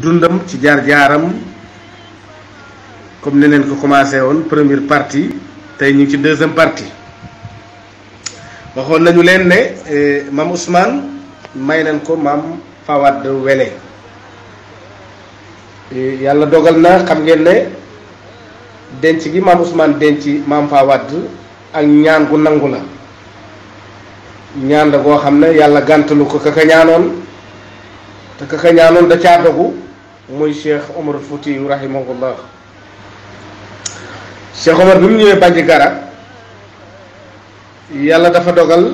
dundam ci jaar jaaram comme ne ko commencé woon première partie tey ñu ci deuxième partie waxoon nañu leen ne eh, mam ousmane may nañ ko mam fawad wele eh, yàlla dogal na xam ngeen ne denc gi mam ousmane denc mam fawad ak ñaan gu nangu la ñaan la goo xam ne yàlla gàntalu ko kaka ñaanoon te ka da caa dogu muy Cheikh Omar Fouti rahimahullah Cheikh Omar bi mu ñëwee Banji Gara yàlla dafa dogal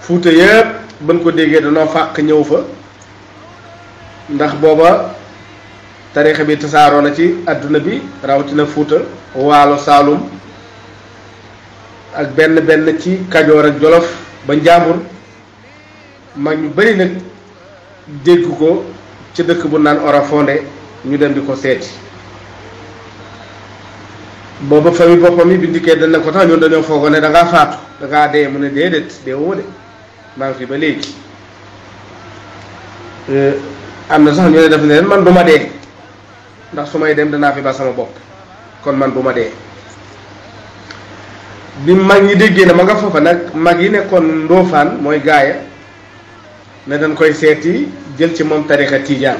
Fuuta yëpp bañ ko déggee danoo fàq ñëw fa ndax booba tariixa bi tasaaroo na ci àdduna bi rawatina Fuuta Waalo Saalum ak benn benn ci Kajoor ak Jolof ba Njaambur mag ñu bari nag dégg ko ci dëkk bu naan Orafonde ñu dem di ko seeti booba famille boppam yi bi dikkee dana ko tax ñun dañoo foogoo ne dangaa ngaa faatu da dee mu ne déedéet deewoo de maa ngi fi ba léegi eh, am na sax ñu ne def ne leen man du ma dee ndax su may dem danaa fi ba sama bopp kon man du ma dee bi mag ñi déggee ne ma nga foofa nag mag yi nekkoon ndóofaan mooy gaaya ne dañ koy seeti jël ci moom tarixa tiijaan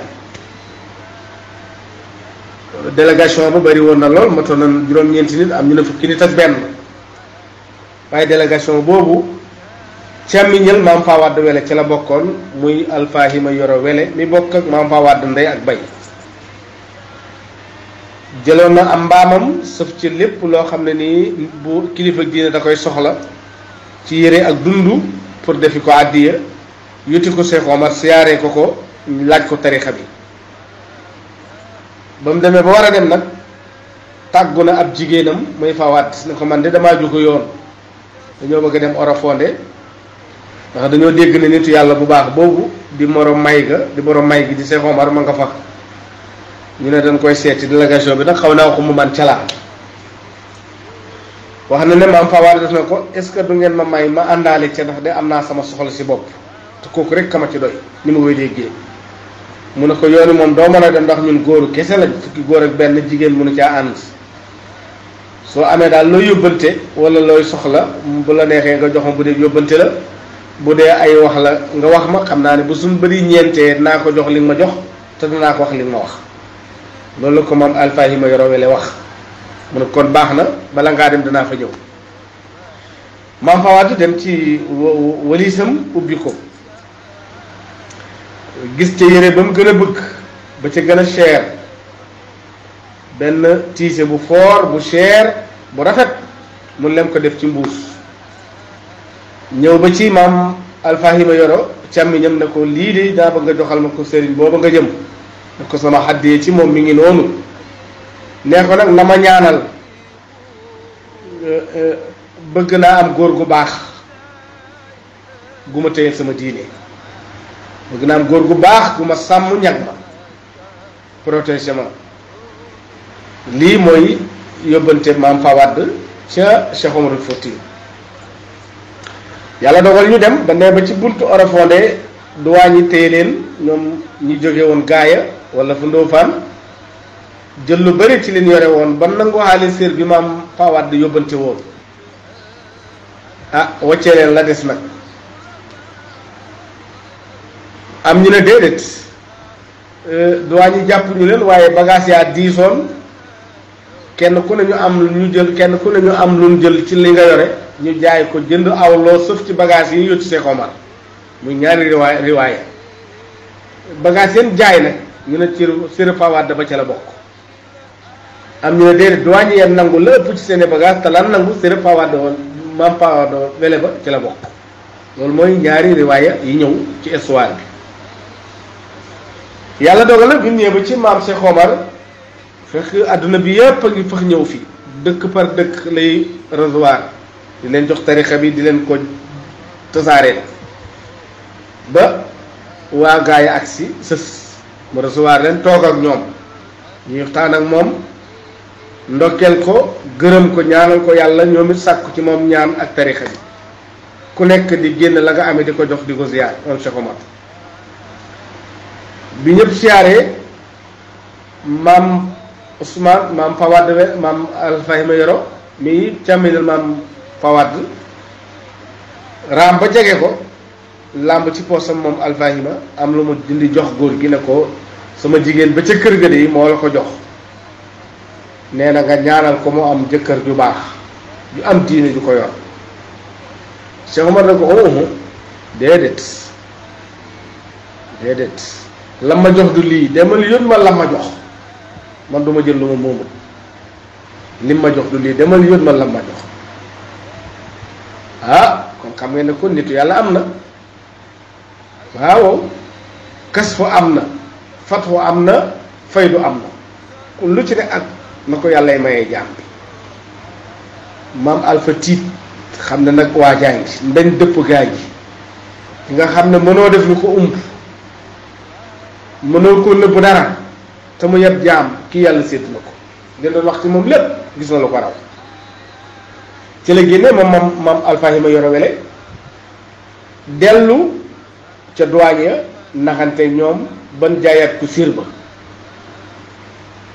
délégation bu bari na lool matoon na juróom-ñeenti nit am ñu ne fukki nit ak benn waaye délégation boobu càmmiñal maam faa wadd wele ci la bokkoon muy alfaahima yoro wele mi bokk ak maam faa wadd ndey ak bay jëloon na am mbaamam sëf ci lépp loo xam ne nii bu kilifa diine da koy soxla ci yére ak dund pour defi ko àddiya yuti ko Cheikh Omar siyaaree ko ko laaj ko tarixa bi ba mu demee ba war a dem nag tàggu na ab jigéenam muy fawaat ne ko man de damaa jóg yoon dañoo bëgg a dem Orafonde ndax dañoo dégg ne nitu yàlla bu baax boobu di morom may ga di morom may gi di Cheikh Omar ma nga fa ñu ne dañ koy seeti délégation bi nag xaw naa ko mu man calaa wax na ne maam fawaat def na ko est-ce que du ngeen ma may ma àndaale ca ndax de am naa sama soxla si bopp te kooku rek kama ci doy ni ma koy géej mu ne ko yooni moom doo mën a dem ndax ñun góoru kese lañ fukki góor ak benn jigéen mu mënu caa ànd soo amee daal looy yóbbante wala looy soxla bu la neexee nga joxam bu dee yóbbante la bu dee ay wax la nga wax ma xam naa ne bu suñ bëri ñeentee naa ko jox li nga ma jox te danaa ko wax li nga ma wax loolu la ko moom alfahima yorowele wax mu ne kon baax na bala ngaa dem danaa fa ñëw maam fawaatu dem ci walisam ubbi ko gis ca yére ba mu gën a bëgg ba ca gën a cher benn tiise bu foor bu cher bu rafet mu lem ko def ci mbuus ñëw ba ci maam alfahima yoro càmmiñam ne ko lii de daa bëgg nga joxal ma ko sëriñ boobu nga jëm ne ko sama xaddee ci moom mi ngi noonu nee ko nag na ma ñaanal euh, euh, bëgg naa am góor gu baax gu ma téyel sama diine bëgg naa góor gu baax gu ma sàmm ñag ma protéger lii mooy yóbbante maam Fawad ca Cheikh Omarul Fouti yàlla dogal ñu dem ba ne ba ci buntu Orofondé du waa ñi leen ñoom ñu jóge woon gaaya wala fu jël lu bëri ci leen yore woon ba nangu xaalis séer bi maam Fawad yóbbante woon ah wàccee leen la des nag. am ñu ne déedéet euh, duwaa ñu jàpp ñu leen waaye bagage yaa diisoon kenn ku ne ñu am lu ñu jël kenn ku ne ñu am lu ñu jël ci li nga yore ñu jaay ko jënd aw loo sëf ci bagage yi yóccu Seex Omar muy ñaari riwaay riwaaya bagage yéen jaay nag ñu ne cër cër fawaat dafa ca la bokk am ñu ne déedéet duwaañ yeen nangu la ëpp ci seeni bagage te lan nangu cër fawaat woon maam wele ba ci la bokk loolu mooy ñaari riwaaya yi ñëw ci histoire bi yàlla dogal na bi ñëwee ci maam Cheikh Omar àdduna bi yépp a ngi fax ñëw fii dëkk par dëkk lay recevoir di leen jox tarixa bi di leen ko tasaareel ba waa gaay ak si sës mu recevoir leen toog ak ñoom ñuy waxtaan ak moom ndokkeel ko gërëm ko ñaanal ko yàlla ñoom it sàkku ci moom ñaan ak tarixa bi ku nekk di génn la nga amee di ko jox di ko ziyaar moom Cheikh bi ñëpp siyaaree maam Ousmane maam Fawad maam Alfahima Yoro mi càmminal maam Fawad raam ba jege ko làmb ci poosam moom Alfahima am lu mu dindi jox góor gi ne ko sama jigéen ba ca kër ga de moo la ko jox nee na nga ñaanal ko mu am jëkkër ju baax ju am diine ju ko yor Cheikh Omar ne ko oh déedéet déedéet. la ma jox du lii demal yoon ma la ma jox man duma jël lu ma moomut li ma jox du lii demal yoon ma la ma jox ah kon xam ngeen ne kon nitu yàlla am na waaw kas fa am na fatxu am na faydu am na kon lu ci ne ak na ko yàllay mayee jaam bi maam alpha xam ne nag waajaa ngi dañ dëpp gaa ji nga xam ne mënoo def lu ko umb mënoo ko nëbbu dara te mu yeb jaam kii yàlla séet ko li wax ci moom lépp gis na lu ko raw ci la génne ma mam mam alfahima yoro wele dellu ca duwaañ ya naxante ñoom ban jaayaat ku siir ba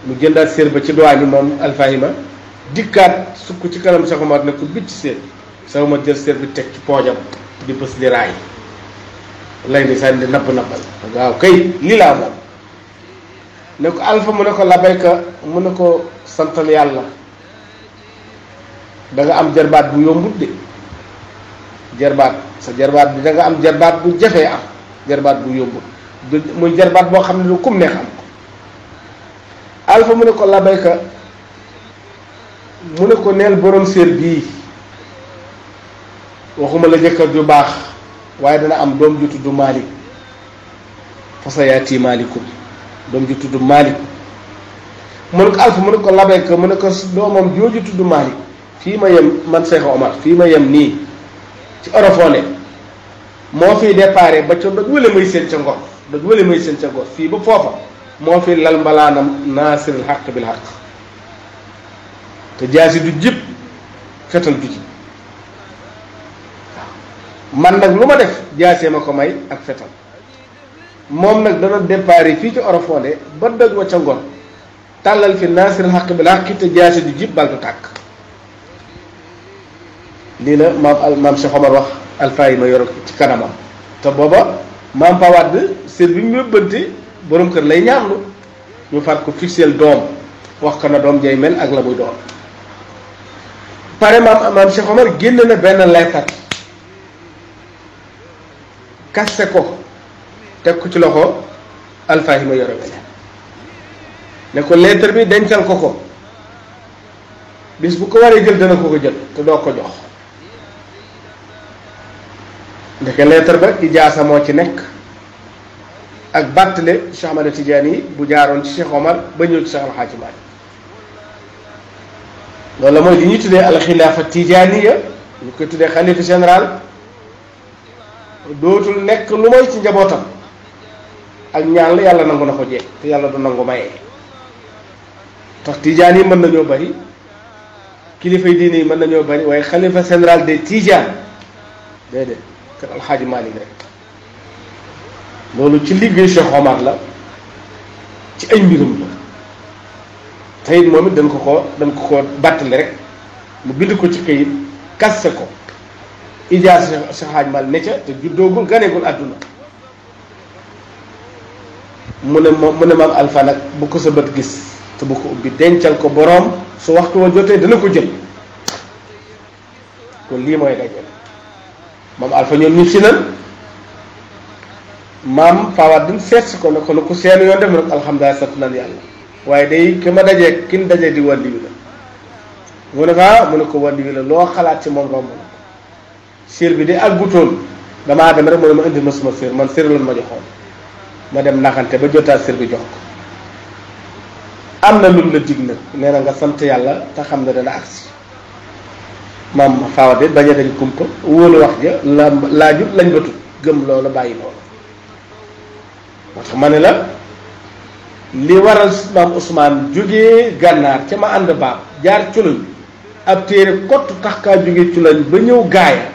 mu jëndaat séer ba ci duwaañ yi moom alfahima dikkaat sukk ci kanam Cheikh Omar ne ko bicc séer Cheikh jël séer bi teg ci poojam di bës di raay lay ni sànni di napp nappal waaw kay lii laa moom ne ko alfa mu ne ko labayka mu ne ko santal yàlla da nga am jarbaat bu yombut de jarbaat sa jarbaat bi danga am jarbaat bu jafee am jarbaat bu yombut du muy jarbaat boo xam ne lu kum neex am ko alfa mu ne ko labayka mu ne ko neel borom séer bii waxuma la jëkkër ju baax waaye dana am doom ju tudd Malik fa sayaati Malikun doom ju tudd Malik mu ne ko alfa mu ne ko labeek mu ne ko doomam jooju tudd Malik fii ma yem man Seex Omar fii ma yem nii ci orofone moo fiy déparé ba ca doj wële may seen ca ngor doj wële may seen ca ngor fii ba foofa moo fi lal mbalaanam naasiril xaq bil xaq te jaasi du jib fetal du jib man nag lu ma def jaasee ma ko may ak fetal moom nag dana déparé fii ci Orofoode ba dëgg wa ca ngor tàllal fi naasir xaq bi laa xite jaase ju jib baltu tàkk lii la maam al maam Cheikh Omar ma yoro ci kanamam te booba maam Pawadd seet bi mu yóbbante boroom kër lay ñaanlu ñu far ko fixeel doom wax ko na doom jay mel ak la muy doon pare maam maam Cheikh génn na benn laykat kasse ko teg ko ci loxo alfahima yore beneen ne ko lettre bi dencal ko ko bis bu ko waree jël dana ko ko jël te doo ko jox ndeke lettre ba ijaasa moo ci nekk ak bàttale Cheikh Ahmada Tidiane yi bu jaaroon ci Cheikh Omar ba ñëw ci Cheikh Alxaaji Maalik loolu la mooy li ñuy tuddee alxilaafa tijaaniya ñu koy tuddee xalifa général dootul nekk lu moy ci njabootam ak ñaan la yàlla nangu na ko jeex te yàlla du nangu maye tax tijaan yi mën nañoo bari kilifa yi diine yi mën nañoo bari waaye xalifa général des tijaan déedéet kër alxaaji Malik rek loolu ci liggéey Cheikh Omar la ci ay mbirum la te it moom it dañ ko ko ko bàttali rek mu bind ko ci këyit kasse ko ijaar Cheikh Hadj Mal ne ca te juddoogul ganeegul àdduna mu ne moom mu ne maam Alfa nag bu ko sa bët gis te bu ko ubbi dencal ko boroom su waxtu wa jotee dana ko jël kon lii mooy dajeel maam Alfa ñoom ñib si nan maam Fawad duñ seet si ko ne ko ne ku seen yoon def nag alhamdulilah sant nan yàlla waaye day ki ma dajee kin dajee di wàlli la mu ne ko ah, mu ne ko wàlli la loo xalaat ci moom romb na séer bi de àggutoon damaa dem rek mu ne ma indi ma suma séer man séer lan ma joxoon ma dem naxante ba jotaat séer bi jox ko am na lum la dig nag nee na nga sant yàlla te xam ne dana agsi maam faawa de bañ a dañ kumpa wóolu wax ja la laajut lañ batut gëm loola bàyyi loolu moo tax ma ne la li waral maam Ousmane jógee gànnaar ca ma ànd baab jaar culoñ ab téere kott tax kaa jógee culoñ ba ñëw gaaya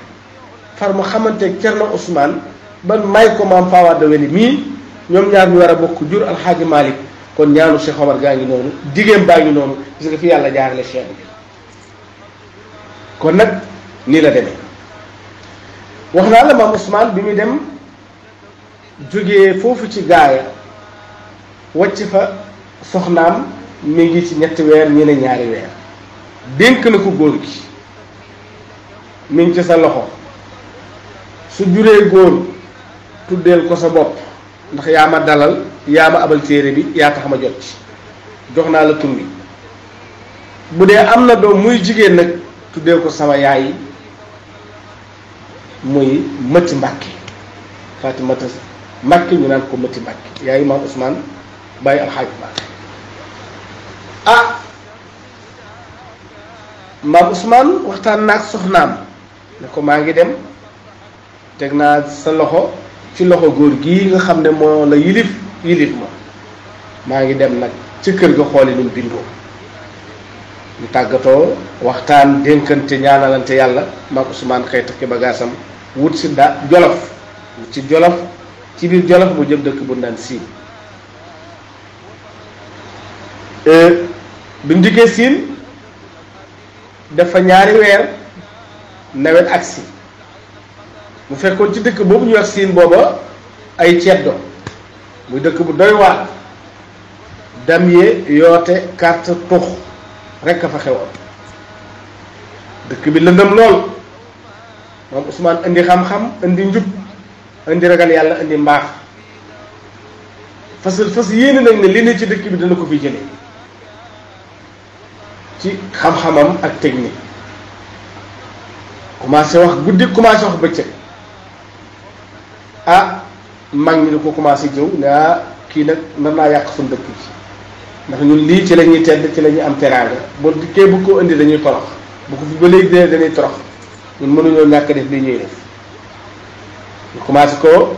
far mu xamanteeg Cerno Ousmane ban may ko maam Fawade Weli mii ñoom ñaar ñu war a bokk jur alxaaji Malick kon ñaanu Cheikh Omar gaa ngi noonu jigéen baa ngi noonu gis nga fi yàlla jaarale Cheikh bi kon nag nii la demee wax naa la maam Ousmane bi muy dem jógee foofu ci gaaya wàcc fa soxnaam mi ngi ci ñetti weer ñu ñaari weer dénk na ko góor gi mi ngi ci sa loxo su juree góor tuddeel ko sa bopp ndax yaa ma dalal yaa ma abal téere bi yaa tax ma jot ci jox naa la tur bu dee am na doom muy jigéen nag tuddeel ko sama yaay muy mëtti mbàkke Fatimata mbàkke ñu naan ko mëtti mbàkke yaayu maam Ousmane bàyyi alxaaji mbàkke ah maam Ousmane waxtaan naag soxnaam ne ko maa ngi dem teg naa sa loxo ci loxo góor gii nga xam ne la yilif yilif ma maa ngi dem nag ci kër ga xooli nu bindoo ñu tàggatoo waxtaan dénkante ñaanalante yàlla maag Ousmane xëy takki bagaasam wut si da jolof ci jolof ci biir jolof mu jëm dëkk bu ndan siin e, bi mu siin dafa ñaari weer nawet ak mu fekkoon ci dëkk boobu ñuy wax siin booba ay ceddo muy dëkk bu doy waar damye yoote carte tux rekk a fa xewoon dëkk bi lëndëm lool moom Ousmane indi xam-xam indi njub indi ragal yàlla indi mbaax fas fas yéene nag ne li ne ci dëkk bi dina ko fi jële ci xam-xamam ak technique commencé wax guddi commencé wax bëccëg ah mag ñi di ko commencé jëw ne ah kii nag na naa yàq suñu dëkk bi ndax ñun lii ci la ñuy tedd ci la ñuy am teraanga boo dikkee bu ko indi dañuy torox bu ko fi ba léegi dee dañuy torox ñun mënuñoo ñàkk def lii ñuy def ñu commencé ko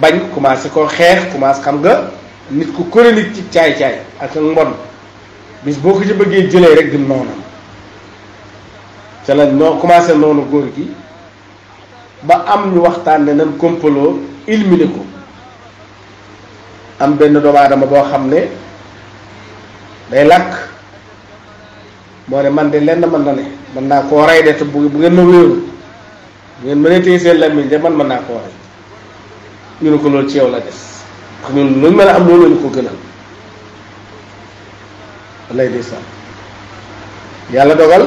bañ commencé ko xeex commencé xam nga nit ku kuréel ci caay-caay ak mbon bis boo ko ci bëggee jëlee rek di noonam ca la noo commencé noonu góor gi. ba am ñu waxtaan ne nan kompaloo ilmine ko am benn doomu aadama boo xam ne day làkk moo ne man de lenn mën na ne mën naa koo rey de te bu bu ngeen ma wéeru bu ngeen mënee téye seen làmmiñ de man mën naa koo rey ñu ne ko loolu ci yow la des ndax ñun lu mën a am loolu ñu ko gënal lay de sax yàlla dogal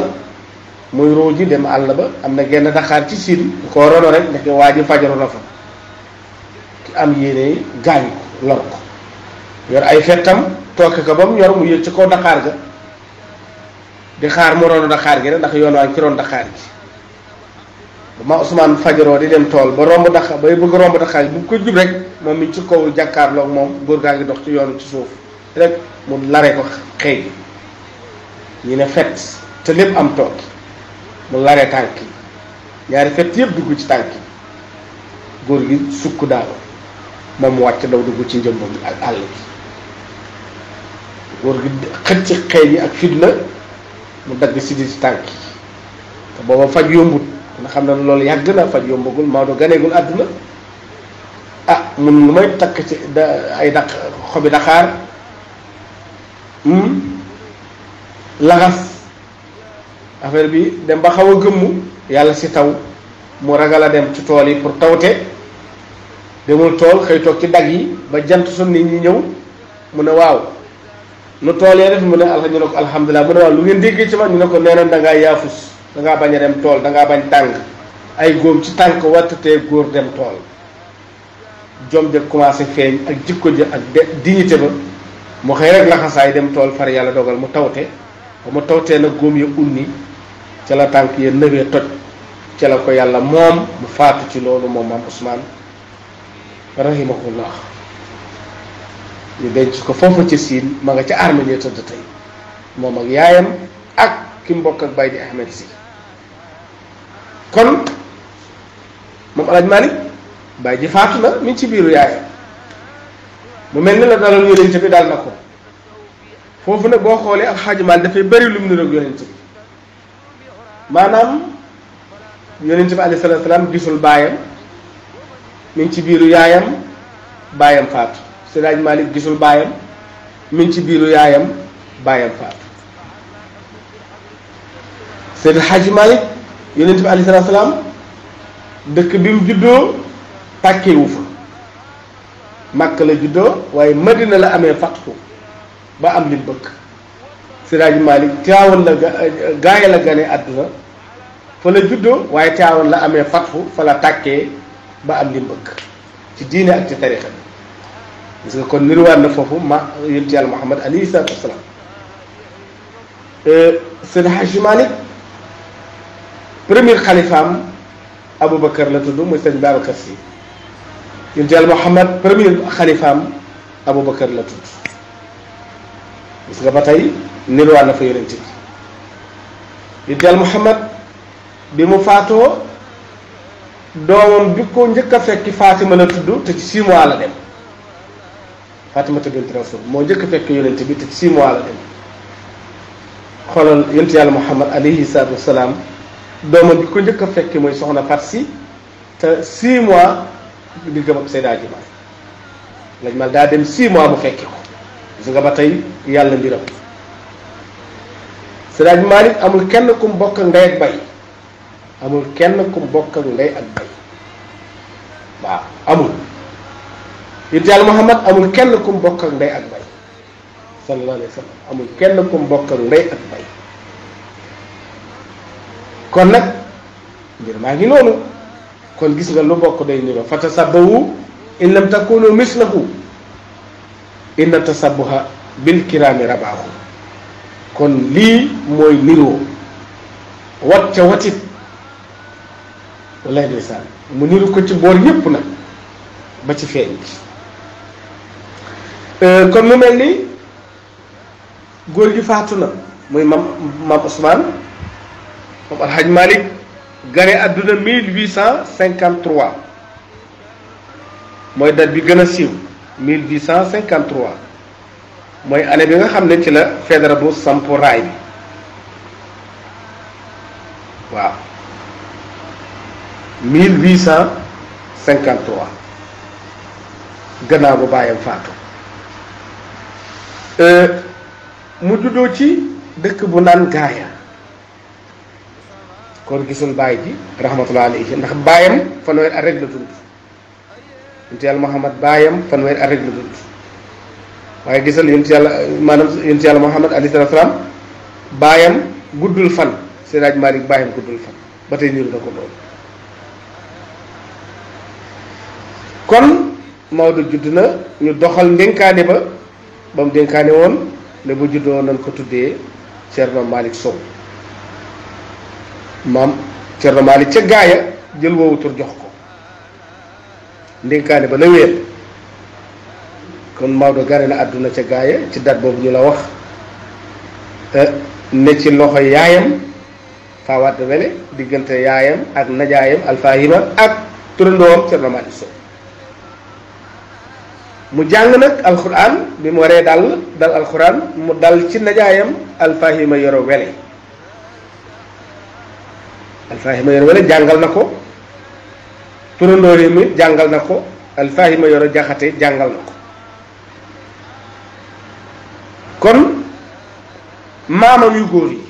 muy ji dem àll ba am na genn daqaar ci siin koo rono rek ndeke waa ji fajaru na fa ki am yéene gaañ ko lor ko yor ay fettam tooke ko ba mu yor mu yëg ci kaw daxaar ga di xaar mu rono daxaar gi rek ndax yoon waa ngi ci roon daxaar gi ba ma Ousmane fajaroo di dem tool ba romb daxa bay bëgg romb daxaar gi bu ko jub rek moom mi ci kaw jàkkaarloog moom góor gaa ngi dox ci yoonu ci suuf rek mu lare ko xëy ñu ne fet te lépp am tooke mu lare tànk yi ñaari fett yëpp dugg ci tànk yi góor gi sukk daanu moom mu wàcc daw dugg ci njëmbam ak àll bi góor gi xëcc xeej yi ak fitna mu dagg si ci tànk yi te booba faj yombut nga xam na loolu yàgg na faj yombagul Maodo ganeegul àdduna ah mun lu may takk ci da ay daq xobi daxaar hmm? laxas affaire bi dem ba xaw a gëmmu yàlla si taw mu ragal a dem ci tool yi pour tawte demul tool xëy toog ci dag yi ba jant sun nit ñi ñëw mu ne waaw lu tool yee def mu ne alxa ñu ne ko alhamdulilah mu ne waaw lu ngeen déggee ci man ñu ne ko nee na da ngaa yaafus da bañ a dem tool da bañ tàng ay góom ci tànk wattatee góor dem tool jom ja commencé feeñ ak jikko ja ak dignité ba mu xëy rek laxasaay dem tool far yàlla dogal mu tawte ba mu tawtee nag góom ya unni ca la tànk ya nëwee toj ca la ko yàlla moom mu faatu ci loolu moom maam Ousmane rahimahullah ñu denc ko foofa ca siin ma nga ca arme ñee tëdd tey moom ak yaayam ak ki mbokk ak bay di ahmed si kon mom alaj malik bay fatuna faatu na mi ci biiru yaayam mu mel ni la dalal yonente bi dal nak ko foofu nag boo xoolee ak xaajumaan dafay bëri lum niroog yonente bi maanaam yonent bi alayhi salaatu salaam gisul baayam mi ngi ci biiru yaayam baayam faatu Sëriñ Malik gisul baayam mi ngi ci biiru yaayam baayam faatu Seydi Xaaji Malik yonent bi alayhi salaam dëkk bi mu juddoo tàkkewu fa Makka la juddoo waaye Madina la amee fattu ba am li bëgg Sëriñ Malik Tiwaawan la gaaya la gane àdduna fa la juddoo waaye Tiwaawan la amé fatfu fa la tàkkee ba am li mu bëgg ci diine ak ci tariixa bi gis nga kon nirwaan na fofu ma yonent Yàlla Muhammad ali sallallahu alayhi wasallam euh sëñ Hajji malik premier khalifa xalifaam Aboubacar la tuddu muy sëñ Babacar Si yonent Yàlla Muhammad premier khalifa xalifaam Aboubacar la tuddu gis nga batay tey nirwaan na fa yonent bi yonent Yàlla Muhammad bimu faato faatoo doomam bi ko njëkk a fekki Fatima la tudd te ci six mois la dem Fatima bint Rasul moo njëkk a fekk yonent bi te ci six mois la dem xoolal yonent yàlla Muhammad alayhi salatu wasalaam doomam bi ko njëkk a fekki mooy soxna Fat te six mois di gëm ak Seyda Aji Maalik lañ mal daa dem six mois mu fekki ko gis nga ba tey yàlla mbiram Seyda Aji amul kenn kum bokk ngay ak bay amul kenn kum bokkal ndey ak bay waaw amul yonent Muhammad amul kenn kum bokkal ndey ak bay sallallahu alayhi amul kenn kum bokkal ndey ak bay kon nag mbir maa ngi noonu kon gis nga lu bokk day niroo fa tasabbahu in lam takunu mislahu inna tasabbuha bil kiraami rabaahu kon lii mooy niroo wat ca watit wallaay ndeysaan mu niru ko ci boor yépp nag ba ci feeñ bi euh, kon mu mel ni góor gi faatu na muy mam mam Ousmane mam Alhaj Malick gane àdduna 1853 mooy date bi gën a siiw 1853 mooy année bi nga xam ne ci la fédéral bu samp raay bi cent 1853 gannaaw ba bàyyam faatu euh, mu juddoo ci dëkk bu naan gaaya kon gisul bàyyi ji rahmatullah alayhi ndax bàyyam fanweer at rek la dund yonent yàlla Muhammad bàyyam fanweer at rek dund waaye gisal yonent yàlla maanaam yonent yàlla Muhammad alayhi salaatu salaam bàyyam guddul fan seen Hadji Malick bàyyam guddul fan ba tey niru na ko loolu kon Maodo judd na ñu doxal ndénkaani ba ba mu dénkaane woon ne bu juddoo nañ ko tuddee Thierno Malick Sow maam Thierno Malick ca gaaya jël woowu tur jox ko ndénkaane ba la wéer kon Maodo gane na àdduna ca gaaya ci date boobu ñu la wax eh, ne ci loxo yaayam faawaat wele diggante yaayam ak najaayam alfahima ak turandoom Thierno Malick Sow mu jàng nag alxuraan bi mu waree dal dal alxuraan mu dal ci najaayam alfahima yoro wele alfahima yoro wele jàngal na ko turandoo yi mi jàngal na ko alfahima yoro jaxate jàngal na ko kon maamam yu góor yi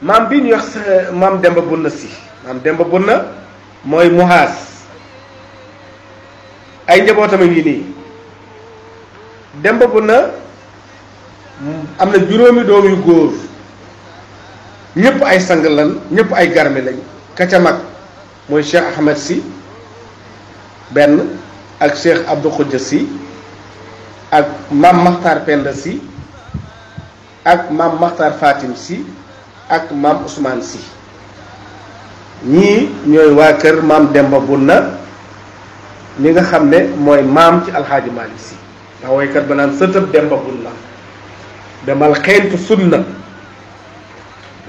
maam bi ñu wax maam demba bunna si maam demba bunna mooy muhaas ay njabootam nii ngi nii Demba Bunna am na juróomi doom yu góor ñëpp ay sang lan ñëpp ay garmi lañ ka ca mag mooy Cheikh Ahmed si benn ak Cheikh Abdou Khoudia si ak maam Makhtar Penda si ak maam Makhtar Fatim si ak maam Ousmane si ñii ñooy waa kër maam Demba Bunna li nga xam ne mooy maam ci alxaaji Malick si ndax woykat ba naan sëtëb Demba Bulla demal xeentu sunna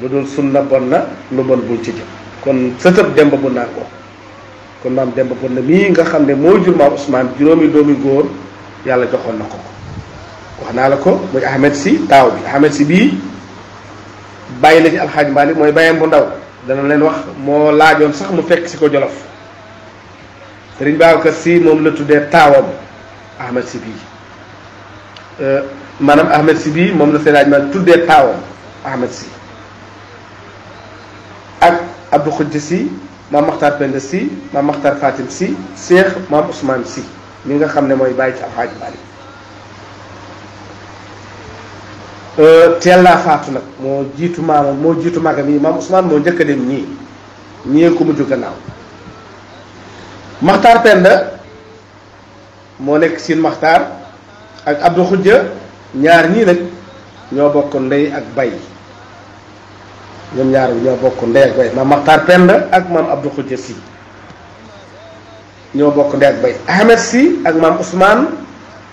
lu dul sunna bon na lu bon bul ci jëm kon sëtëb Demba Bulla ko kon maam Demba na mii nga xam ne moo jur maam juróomi doomi góor yàlla joxoon na ko ko wax naa la ko muy Ahmed si taaw bi Ahmed si bii bàyyi na ci alxaaji Malick mooy bàyyam bu ndaw dana leen wax moo laajoon sax mu fekk si ko Jolof sëriñ Babacar si moom la tuddee taawam Ahmed si bii euh, maanaam Ahmed si bii moom la Seydi Maalik tuddee taawam Ahmed si ak Abdou Khoudia si maam Makhtar Penda si maam Makhtar Fatim si Cheikh maam Ousmane si mi nga xam ne mooy bàyyi ci alxaaj Maalik teel laa faatu nag moo jiitu maamam moo jiitu magam yi maam Ousmane moo njëkk a dem ñii ñii ko mujj gannaaw maxtaar penda moo nekk siin maxtaar ak abdu xujja ñaar ñii nag ñoo bokk ndey ak bay ñoom ñaar ñoo bokk ndey ak maam maxtaar penda ak maam abdu xujja si ñoo bokk ndey ak bay ahmed si ak maam ousmane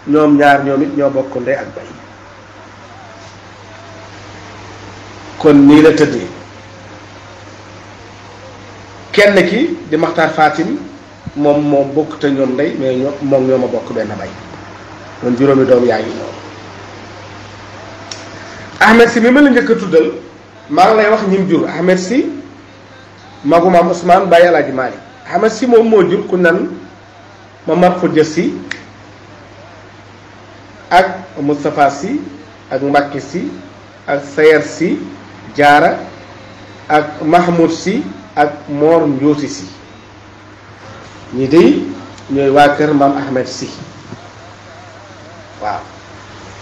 ñoom ñaar ñoom it ñoo bokk ndey ak bay kon nii la tëddee kenn ki di maxtaar fatim moom moo bokk te ñoom ndey mais ñoo moom ñoo ma bokk benn bay moom juróomi doom yaa ngi noonu si mi ma la njëkk a tuddal maa ngi lay wax ñim jur Ahmed si magu maam Ousmane Baye El Hadj Malick si moom moo jur ku nan Mamar Khoudia si ak Moustapha si ak Mbacke si ak Sayer si Jaara ak Mahmoud si ak Mor Njooti si ñi day ñooy waa kër maam Ahmed si waaw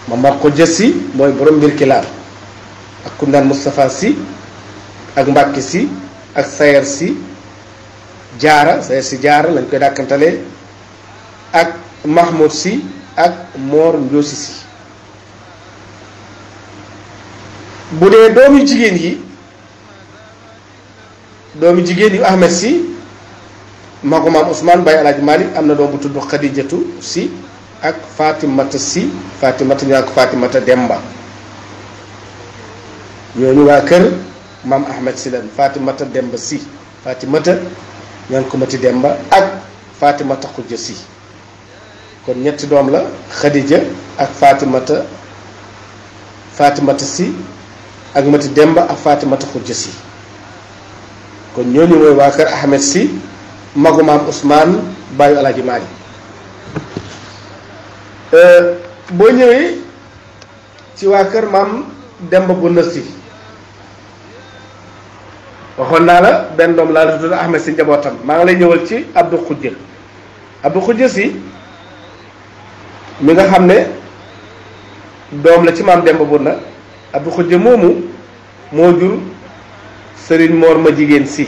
Mamar Xujja si mooy borom mbir kilaam ak Koundaan Moustapha si ak Mbàkke si ak Sayer si jaara Sayer si jaara lañ koy dàkkantale ak Mahmoud si ak Moor Ndiosi si bu dee doomu jigéen yi doomu jigéen yu Ahmed si maa ko maam Ousmane Baye Alaaji Malick am na doom bu tudd Xadijatu si ak Fatimata si Fatimata ñu naan ko Fatimata Demba ñooñu waa kër maam Ahmed si leen Fatimata Demba si Fatimata ñu naan ko Mati Demba ak Fatimata Xujja si kon ñetti doom la Xadija ak Fatimata Fatimata si ak Mati Demba ak Fatimata waa kër Ahmed si. magu maam Ousmane bàyyi alaaji Maali euh, boo ñëwee ci waa kër maam Demba bu waxoon naa la benn doom laa la tudd Ahmed si njabootam maa ngi lay ñëwal ci Abdou Khoudia Abdou Khoudia si mi nga xam ne doom la ci maam Demba bu na Abdou Khoudia moomu moo jur Serigne Mor ma jigéen si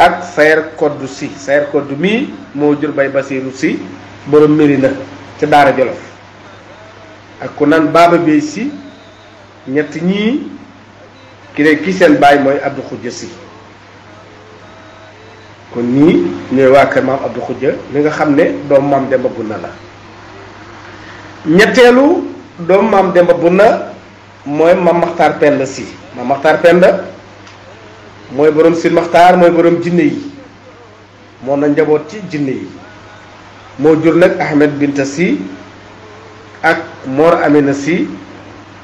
ak fer koddu si fer koddu mi mo jur bay basiru si borom mirina ci dara jolof ak ku nan baba be si ñet ñi ki ne ki sen bay moy abdou xujja si kon ni ne wa ka mam abdou xujja li nga xamne do mam demba buna la ñettelu do mam demba buna moy mam makhtar pend si mam makhtar pend mooy borom Sine Maxtaar mooy borom jinne yi moo na njaboot ci jinne yi moo jur nag Ahmed Binta Sy ak Mor Amina Sy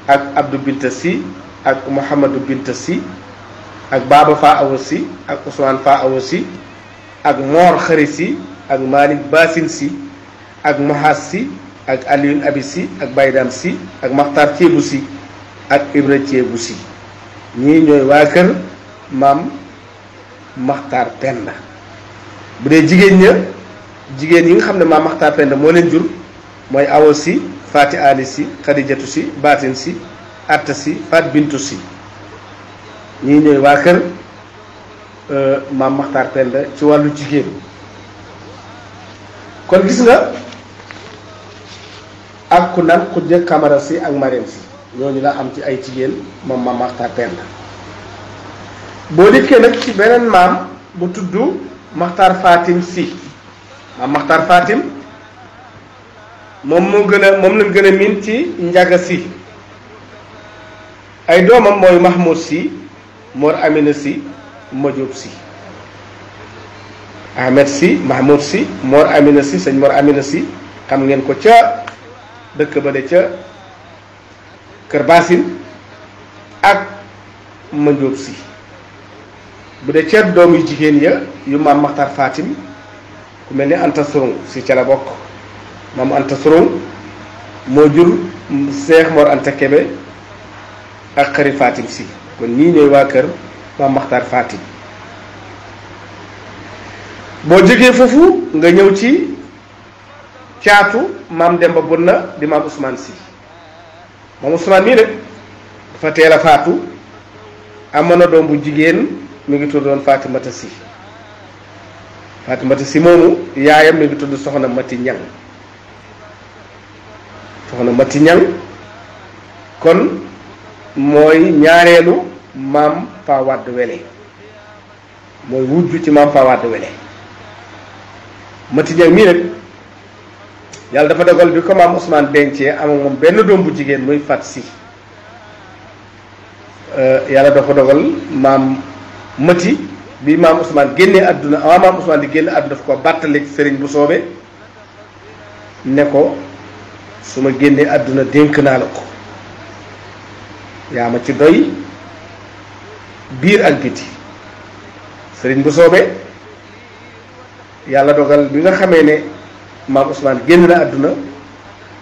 ak Abdou Binta Sy ak Mouhamadou Binta Sy ak Baba Fa Awa Sy ak Ousmane Fa Awa Sy ak Mor Xëri Sy ak Malick Bassine Sy ak Mahas Sy ak Alioune Abi Sy ak Baydam Sy ak Maxtaar Ceebu Sy ak Ibra Ceebu Sy ñii ñooy waa kër maam maxtaar penda bu dee jigéen ña jigéen yi nga xam ne maam maxtaar penda moo leen jur mooy awo si faati ali si xadijatu si baatin si atta si faat bintu si ñii ñooy waa kër euh, maam maxtaar penda ci wàllu jigéen kon gis nga ak ku naan kamara si ak mariem si ñooñu la am ci ay jigéen moom maam maxtaar penda Bodi dikke nak ci benen mam bu tuddu maxtar fatim si maam maxtar fatim mom mo gën mom lañu lañ min ci njaga si ay domam moy mahmoud si mor amina si majob si ahmed si mahmoud si mor amina si mor amina si xam ngeen ko ca dekk ba de ca kër ak majob si bu dee ceer doom yu jigéen ya yu maam Maxtar Fatim ku mel ni Anta Sorong si ca la bokk maam Anta moo jur Seex Mor Anta ak xari Fatim si kon ñii ñooy waa kër maam Maxtar Fatim boo jógee foofu nga ñëw ci caatu maam Demba Bunna di maam Ousmane si maam Ousmane mii nag dafa teel a faatu amoon na doom bu jigéen mi ngi tuddoon matt Si matt Si moomu yaayam mi ngi tudd Soxna Mati Ñang na Mati ñan kon mooy ñaareelu maam Paa Wàdd Wele mooy wujju ci maam Paa Wàdd Wele Mati Ñang mii nag yàlla dafa dogal bi ko maam Ousmane dencee amoon moom benn doom bu jigéen muy Fat Si euh, yàlla dafa dogal maam mëti bi maam Ousmane génnee àdduna waaw maam Ousmane di génne àdduna daf ko bàttale ci sëriñ bu soobee ne ko su ma génnee àdduna dénk naa la ko yaa ci doy biir ak giti sëriñ bu soobee yàlla dogal bi nga xamee ne maam Ousmane génn na àdduna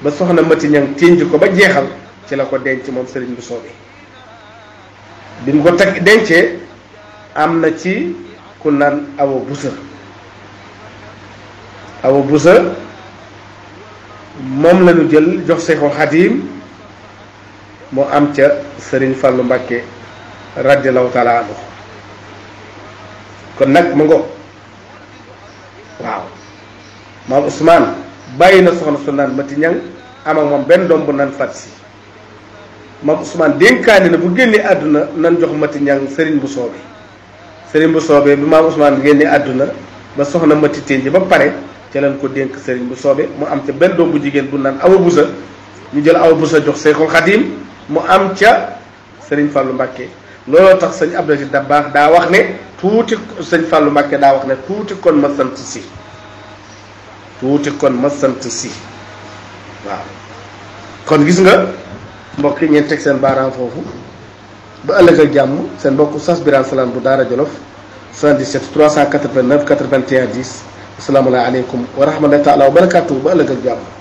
ba soxna Mati Ñang ténj ko ba jeexal ci la ko denc moom sëriñ bu soobee bi mu ko takk dencee amna ci ku nan awa busa awa busa mom lañu jël jox seexu khadim mo am ca sëriñ fàllu mbàkke radiallahu taala anhu kon nak mo ngo waaw maam usman bayina na soxna sunan mati ñang am ak mom ben doom bu na bu aduna nan jox mati ñang serigne bu soobi sëriñ bu soobee bi maam Ousmane génne àdduna ba soxna Mati Tenji ba pare ca lañ ko dénk sëriñ bu soobee mu am ca benn doom bu jigéen bu naan awa busa ñu jël awa busa jox Seexul Xadiim mu am ca sëriñ Fàllu Mbàkke looloo tax sëñ ab Aziz Dabakh daa wax ne tuuti sëñ Fàllu Mbàkke daa wax ne tuuti kon ma sant si tuuti kon ma sant si waaw kon gis nga mbokki yi ngeen teg seen baaraam foofu ba ëllëg ak jàmm seen mbokk sas Birane Salam bu Daara Jolof 77 389 81 10 asalaamaaleykum wa rahmatulah taala wa barakaatu ba ëllëg ak jàmm.